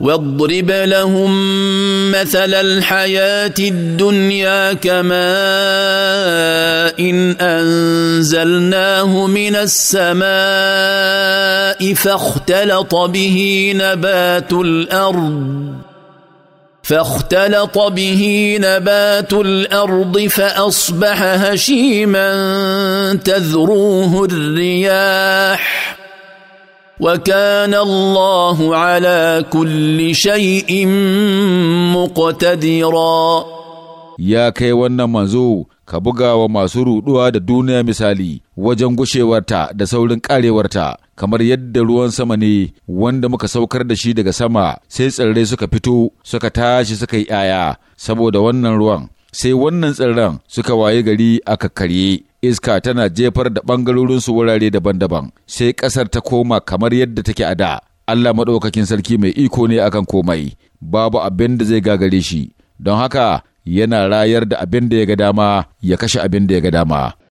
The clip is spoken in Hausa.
واضرب لهم مثل الحياة الدنيا كماء إن أنزلناه من السماء فاختلط به نبات الأرض فاختلط به نبات الأرض فأصبح هشيما تذروه الرياح وكان الله على كل شيء مقتدرا ya kai wannan manzo ka buga wa masu ruɗuwa da duniya misali wajen gushewarta da saurin ƙarewarta kamar yadda ruwan sama ne wanda muka saukar da shi daga sama sai tsirrai suka fito suka tashi suka yi 'ya'ya saboda wannan ruwan sai wannan tsirran suka waye gari a kakkarye iska tana jefar da ɓangarorinsu wurare daban-daban sai ƙasar ta koma kamar yadda take a da Allah maɗaukakin sarki mai iko ne akan komai babu abin da zai gagare shi don haka yana rayar da abin da ya ga dama ya kashe abin da ya ga dama